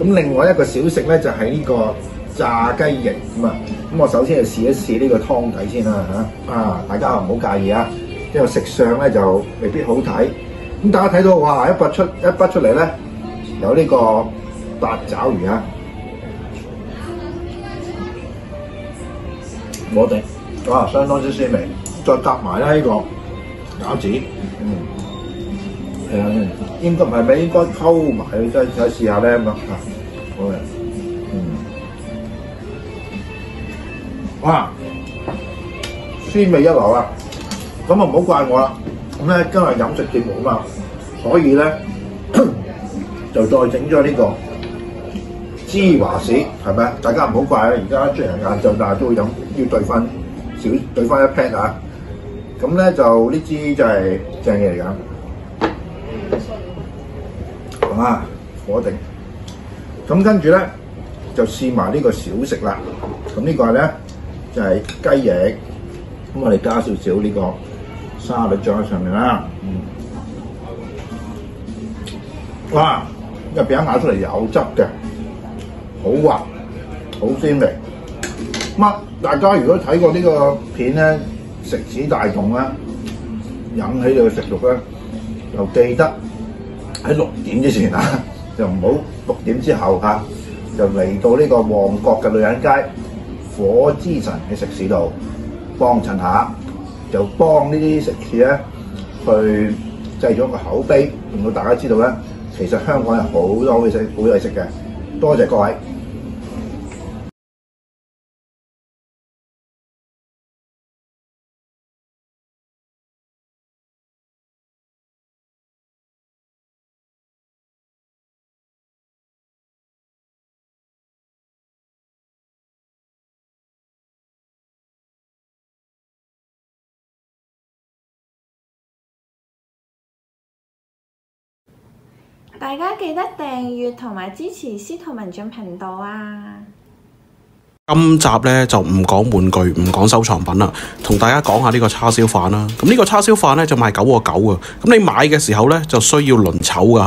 咁另外一個小食咧就係、是、呢個炸雞翼咁啊！咁我首先啊試一試呢個湯底先啦、啊、嚇，啊大家唔好介意啊，因為食相咧就未必好睇，咁大家睇到哇一拔出一拔出嚟咧，有呢個八爪魚啊！我哋哇，相當之鮮味，再夾埋咧呢個餃子，嗯，係啊、嗯，應該唔係咩？應該溝埋，真係再試下咧咁啊，好啊，嗯，哇，鮮味一流啊，咁啊唔好怪我啦，咁咧今日飲食節目啊嘛，所以咧就再整咗呢個。芝華士係咪大家唔好怪，pack, 啊！而家出嚟晏晝，但係都要飲，要兌翻少兌翻一 pack 啊！咁咧就呢支就係正嘢嚟㗎。哇！火定。咁跟住咧就試埋呢個小食啦。咁呢個咧就係、是、雞翼。咁我哋加少少呢個沙律醬喺上面啦。哇、嗯！個、啊、餅咬出嚟有汁嘅。好滑，好鮮味。咁大家如果睇過呢個片咧，食指大動咧，引起你嘅食慾咧，就記得喺六點之前啊，就唔好六點之後嚇，就嚟到呢個旺角嘅女人街火之神嘅食肆度幫襯下，就幫呢啲食肆咧去製咗個口碑，令到大家知道咧，其實香港有好多好嘢食，好嘢食嘅。多謝各位。大家記得訂閱同埋支持司徒文進頻道啊！今集咧就唔講玩具，唔講收藏品啦，同大家講下呢個叉燒飯啦。咁呢個叉燒飯咧就賣九個九啊。咁你買嘅時候咧就需要輪籌噶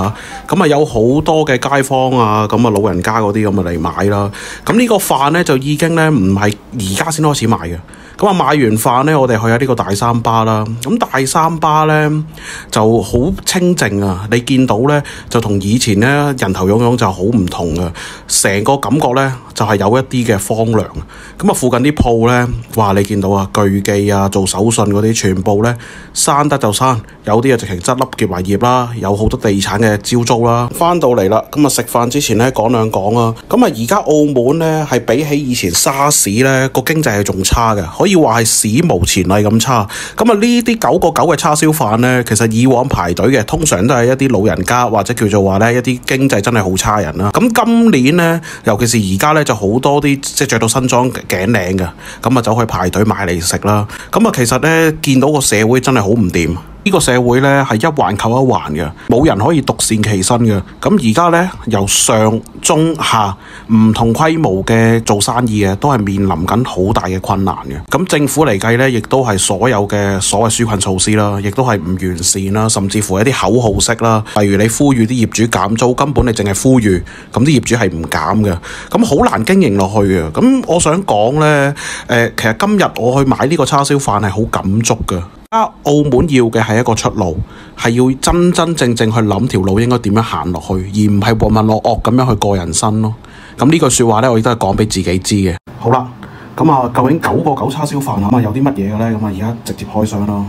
吓。咁啊有好多嘅街坊啊，咁啊老人家嗰啲咁啊嚟買啦。咁呢個飯咧就已經咧唔係而家先開始買嘅。咁啊，買完飯呢，我哋去下呢個大三巴啦。咁大三巴呢就好清靜啊，你見到呢，就同以前呢人頭湧湧就好唔同啊。成個感覺呢，就係、是、有一啲嘅荒涼。咁啊，附近啲鋪呢，哇，你見到啊，鉅記啊，做手信嗰啲全部呢，閂得就閂有啲啊直情執笠結埋業啦，有好、啊、多地產嘅招租啦、啊。翻到嚟啦，咁啊食飯之前呢，講兩講啊。咁啊，而家澳門呢，係比起以前沙士呢個經濟係仲差嘅，可以話係史無前例咁差，咁啊呢啲九個九嘅叉燒飯呢，其實以往排隊嘅通常都係一啲老人家或者叫做話呢一啲經濟真係好差人啦。咁今年呢，尤其是而家呢，就好多啲即係着到新裝頸領嘅，咁啊走去排隊買嚟食啦。咁啊其實呢，見到個社會真係好唔掂。呢個社會呢，係一環扣一環嘅，冇人可以獨善其身嘅。咁而家呢，由上中下唔同規模嘅做生意呀都係面臨緊好大嘅困難嘅。咁政府嚟計呢，亦都係所有嘅所謂紓困措施啦，亦都係唔完善啦，甚至乎一啲口號式啦。例如你呼籲啲業主減租，根本你淨係呼籲，咁啲業主係唔減嘅，咁好難經營落去嘅。咁我想講呢，其實今日我去買呢個叉燒飯係好感觸嘅。而家澳門要嘅係一個出路，係要真真正正去諗條路應該點樣行落去，而唔係渾渾噩噩咁樣去過人生咯。咁呢句說話咧，我亦都係講俾自己知嘅。好啦，咁啊，究竟九個九叉燒飯盒啊，有啲乜嘢嘅咧？咁啊，而家直接開箱咯。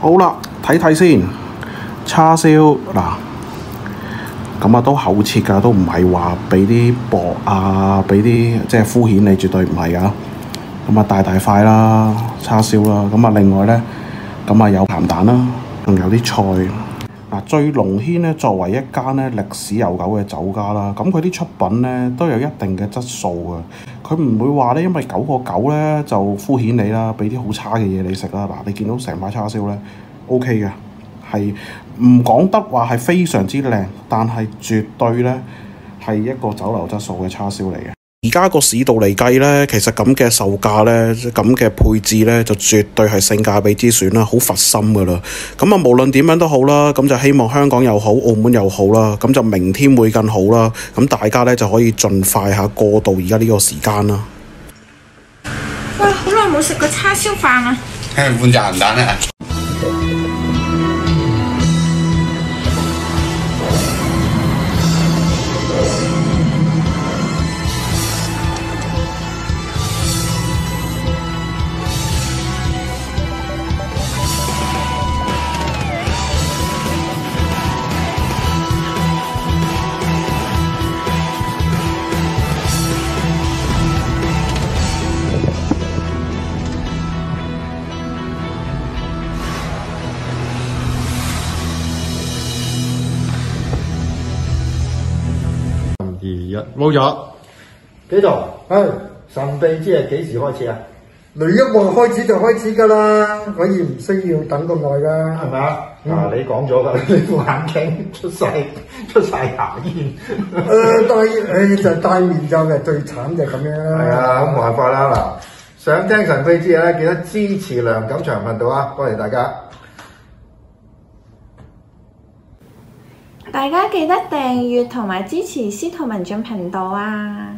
好啦，睇睇先，叉燒嗱，咁啊都厚切噶，都唔係話俾啲薄啊，俾啲即係敷衍你，絕對唔係噶。咁啊，大大塊啦，叉燒啦，咁啊另外呢，咁啊有鹹蛋啦，仲有啲菜。嗱，醉龍軒呢，作為一間呢歷史悠久嘅酒家啦，咁佢啲出品呢，都有一定嘅質素嘅。佢唔會話呢，因為九個九呢，就敷衍你啦，俾啲好差嘅嘢你食啦。嗱，你見到成排叉燒呢，OK 嘅，係唔講得話係非常之靚，但係絕對呢，係一個酒樓質素嘅叉燒嚟嘅。而家個市道嚟計呢，其實咁嘅售價呢，咁嘅配置呢，就絕對係性價比之選啦，好佛心噶啦。咁啊，無論點樣都好啦，咁就希望香港又好，澳門又好啦，咁就明天會更好啦。咁大家呢，就可以盡快下過到而家呢個時間啦。喂，好耐冇食過叉燒飯啊！嘿，換隻鹹蛋啊！冇咗幾度？神秘之夜幾時開始啊？雷一望開始就開始㗎啦，可以唔需要等咁耐㗎，係咪？嗯啊、你講咗、嗯、你副眼鏡出晒出晒牙煙。誒， 戴、呃 哎、就是、戴面罩嘅最慘就咁樣係啊，咁冇辦法啦嗱。想聽神秘之夜呢，記得支持梁錦祥頻道啊！多謝，謝大家。大家記得訂閱同埋支持司徒文進頻道啊！